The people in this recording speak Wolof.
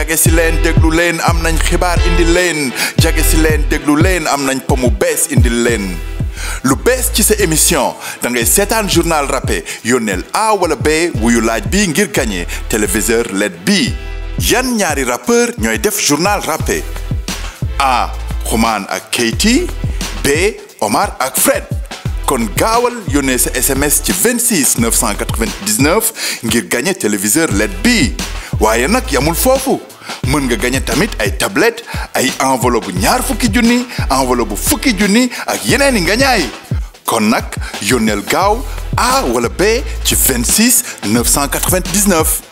jage si leen déglu leen am nañ xibaar indi leen jage si leen déglu leen am nañ po mu bees indi leen lu bees ci sa émission da ngay seetaan journal rappé yónneel A wala B wuyu laaj bi ngir gagné téléviseur LED bi yan ñaari rappeur ñooy def journal rappé A Xuman ak Keyti B Omar ak Fred kon gaawal yónnee sa SMS ci 26 999 ngir gagné téléviseur LED bi waaye nag yamul foofu mën nga gañe tamit ay tablette ay enveloppe bu ñaar fukki junni enveloppe bu fukki junni ak yeneen i ngañaay kon nag yónneel gaaw A wala B ci 26 999